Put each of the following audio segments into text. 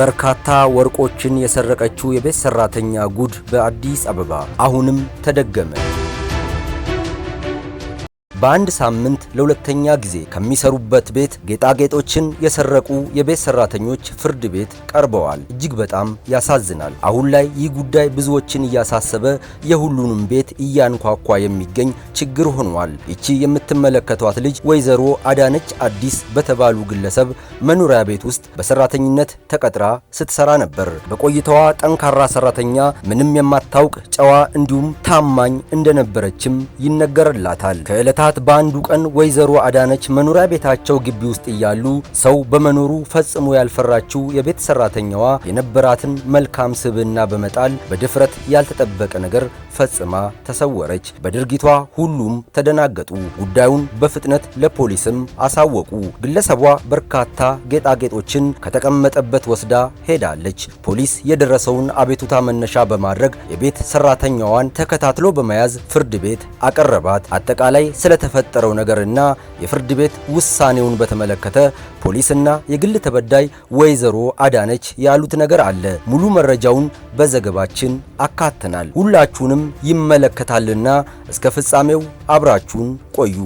በርካታ ወርቆችን የሰረቀችው የቤት ሰራተኛ ጉድ በአዲስ አበባ አሁንም ተደገመ። በአንድ ሳምንት ለሁለተኛ ጊዜ ከሚሰሩበት ቤት ጌጣጌጦችን የሰረቁ የቤት ሰራተኞች ፍርድ ቤት ቀርበዋል። እጅግ በጣም ያሳዝናል። አሁን ላይ ይህ ጉዳይ ብዙዎችን እያሳሰበ የሁሉንም ቤት እያንኳኳ የሚገኝ ችግር ሆኗል። ይቺ የምትመለከቷት ልጅ ወይዘሮ አዳነች አዲስ በተባሉ ግለሰብ መኖሪያ ቤት ውስጥ በሰራተኝነት ተቀጥራ ስትሰራ ነበር። በቆይታዋ ጠንካራ ሰራተኛ፣ ምንም የማታውቅ ጨዋ፣ እንዲሁም ታማኝ እንደነበረችም ይነገርላታል። ከዕለታ ከዕለታት በአንዱ ቀን ወይዘሮ አዳነች መኖሪያ ቤታቸው ግቢ ውስጥ እያሉ ሰው በመኖሩ ፈጽሞ ያልፈራችው የቤት ሰራተኛዋ የነበራትን መልካም ስብዕና በመጣል በድፍረት ያልተጠበቀ ነገር ፈጽማ ተሰወረች። በድርጊቷ ሁሉም ተደናገጡ። ጉዳዩን በፍጥነት ለፖሊስም አሳወቁ። ግለሰቧ በርካታ ጌጣጌጦችን ከተቀመጠበት ወስዳ ሄዳለች። ፖሊስ የደረሰውን አቤቱታ መነሻ በማድረግ የቤት ሰራተኛዋን ተከታትሎ በመያዝ ፍርድ ቤት አቀረባት። አጠቃላይ ስለ ስለተፈጠረው ነገርና የፍርድ ቤት ውሳኔውን በተመለከተ ፖሊስና የግል ተበዳይ ወይዘሮ አዳነች ያሉት ነገር አለ። ሙሉ መረጃውን በዘገባችን አካተናል። ሁላችሁንም ይመለከታልና እስከ ፍጻሜው አብራችሁን ቆዩ።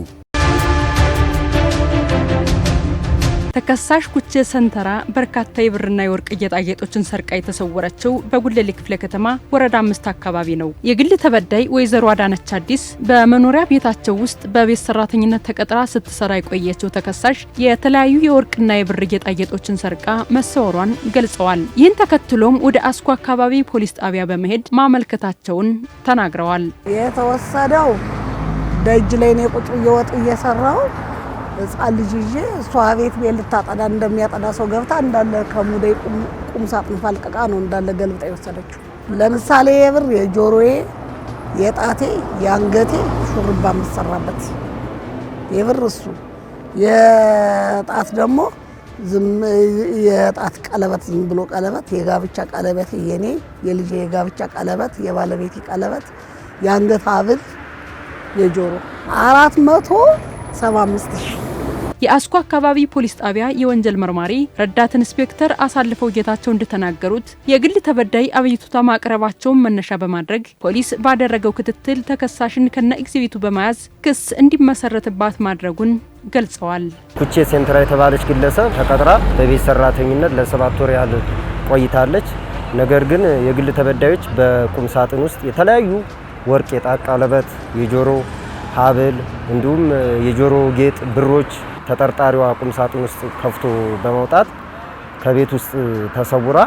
ተከሳሽ ኩቼ ሰንተራ በርካታ የብርና የወርቅ ጌጣጌጦችን ሰርቃ የተሰወረችው በጉለሌ ክፍለ ከተማ ወረዳ አምስት አካባቢ ነው። የግል ተበዳይ ወይዘሮ አዳነች አዲስ በመኖሪያ ቤታቸው ውስጥ በቤት ሰራተኝነት ተቀጥራ ስትሰራ የቆየችው ተከሳሽ የተለያዩ የወርቅና የብር ጌጣጌጦችን ሰርቃ መሰወሯን ገልጸዋል። ይህን ተከትሎም ወደ አስኮ አካባቢ ፖሊስ ጣቢያ በመሄድ ማመልከታቸውን ተናግረዋል። የተወሰደው በእጅ ላይ ነው ቁጭ እየወጥ እየሰራው ህፃን ልጅ ይዤ እሷ ቤት ቤት ልታጠዳ እንደሚያጠዳ ሰው ገብታ እንዳለ ከሙዴ ቁም ሳጥን ፈልቅቃ ነው እንዳለ ገልብጣ የወሰደችው። ለምሳሌ የብር የጆሮዬ፣ የጣቴ፣ የአንገቴ ሹርባ የምትሰራበት የብር እሱ የጣት ደግሞ የጣት ቀለበት ዝም ብሎ ቀለበት፣ የጋብቻ ቀለበት፣ የኔ የልጅ የጋብቻ ቀለበት፣ የባለቤቴ ቀለበት፣ የአንገት ሀብል የጆሮ አራት መቶ ሰባ አምስት ሺህ የአስኮ አካባቢ ፖሊስ ጣቢያ የወንጀል መርማሪ ረዳት ኢንስፔክተር አሳልፈው ጌታቸው እንደተናገሩት የግል ተበዳይ አቤቱታ ማቅረባቸውን መነሻ በማድረግ ፖሊስ ባደረገው ክትትል ተከሳሽን ከነ ኤግዚቢቱ በመያዝ ክስ እንዲመሰረትባት ማድረጉን ገልጸዋል። ኩቼ ሴንትራ የተባለች ግለሰብ ተቀጥራ በቤት ሰራተኝነት ለሰባት ወር ያህል ቆይታለች። ነገር ግን የግል ተበዳዮች በቁም ሳጥን ውስጥ የተለያዩ ወርቅ፣ የጣት ቀለበት፣ የጆሮ ሀብል እንዲሁም የጆሮ ጌጥ ብሮች ተጠርጣሪዋ ቁም ሳጥን ውስጥ ከፍቶ በመውጣት ከቤት ውስጥ ተሰውራ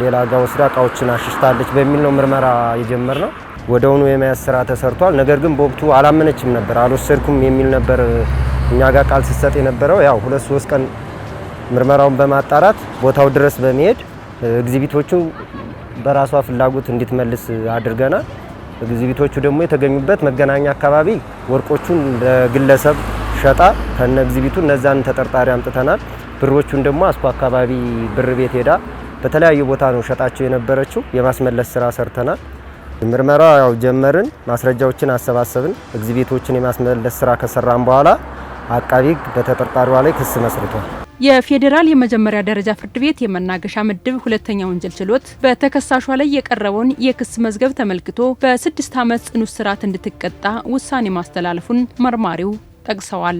ሌላ ጋ ወስዳ እቃዎችን አሽሽታለች በሚል ነው ምርመራ የጀመር ነው። ወደውኑ የመያዝ ስራ ተሰርቷል። ነገር ግን በወቅቱ አላመነችም ነበር። አልወሰድኩም የሚል ነበር እኛ ጋር ቃል ሲሰጥ የነበረው። ያው ሁለት ሶስት ቀን ምርመራውን በማጣራት ቦታው ድረስ በመሄድ እግዚቢቶቹ በራሷ ፍላጎት እንድትመልስ አድርገናል። እግዚቢቶቹ ደግሞ የተገኙበት መገናኛ አካባቢ ወርቆቹን ለግለሰብ ሸጣ ከነ ኤግዚቢቱ እነዛን ተጠርጣሪ አምጥተናል። ብሮቹን ደግሞ አስኮ አካባቢ ብር ቤት ሄዳ በተለያዩ ቦታ ነው ሸጣቸው የነበረችው። የማስመለስ ስራ ሰርተናል። ምርመራ ያው ጀመርን፣ ማስረጃዎችን አሰባሰብን። እግዚቢቶችን የማስመለስ ስራ ከሰራን በኋላ አቃቢ በተጠርጣሪዋ ላይ ክስ መስርቷል። የፌዴራል የመጀመሪያ ደረጃ ፍርድ ቤት የመናገሻ ምድብ ሁለተኛ ወንጀል ችሎት በተከሳሿ ላይ የቀረበውን የክስ መዝገብ ተመልክቶ በስድስት ዓመት ጽኑ እስራት እንድትቀጣ ውሳኔ ማስተላለፉን መርማሪው ጠቅሰዋል።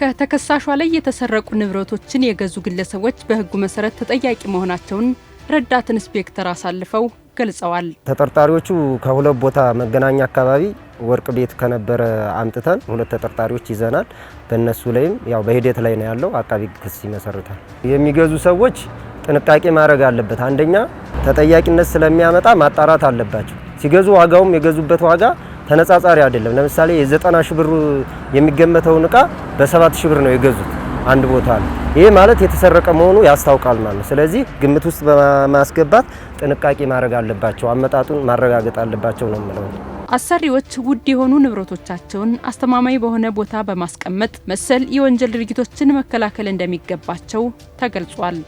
ከተከሳሿ ላይ የተሰረቁ ንብረቶችን የገዙ ግለሰቦች በህጉ መሰረት ተጠያቂ መሆናቸውን ረዳት ኢንስፔክተር አሳልፈው ገልጸዋል። ተጠርጣሪዎቹ ከሁለት ቦታ መገናኛ አካባቢ ወርቅ ቤት ከነበረ አምጥተን ሁለት ተጠርጣሪዎች ይዘናል። በእነሱ ላይም ያው በሂደት ላይ ነው ያለው። አቃቢ ክስ ይመሰርታል። የሚገዙ ሰዎች ጥንቃቄ ማድረግ አለበት። አንደኛ ተጠያቂነት ስለሚያመጣ ማጣራት አለባቸው። ሲገዙ ዋጋውም የገዙበት ዋጋ ተነጻጻሪ አይደለም። ለምሳሌ የዘጠና ሺህ ብር የሚገመተውን እቃ በሰባት ሺህ ብር ነው የገዙት አንድ ቦታ ነው። ይህ ማለት የተሰረቀ መሆኑ ያስታውቃል ማለት ነው። ስለዚህ ግምት ውስጥ በማስገባት ጥንቃቄ ማድረግ አለባቸው፣ አመጣጡን ማረጋገጥ አለባቸው ነው የምለው። አሰሪዎች ውድ የሆኑ ንብረቶቻቸውን አስተማማኝ በሆነ ቦታ በማስቀመጥ መሰል የወንጀል ድርጊቶችን መከላከል እንደሚገባቸው ተገልጿል።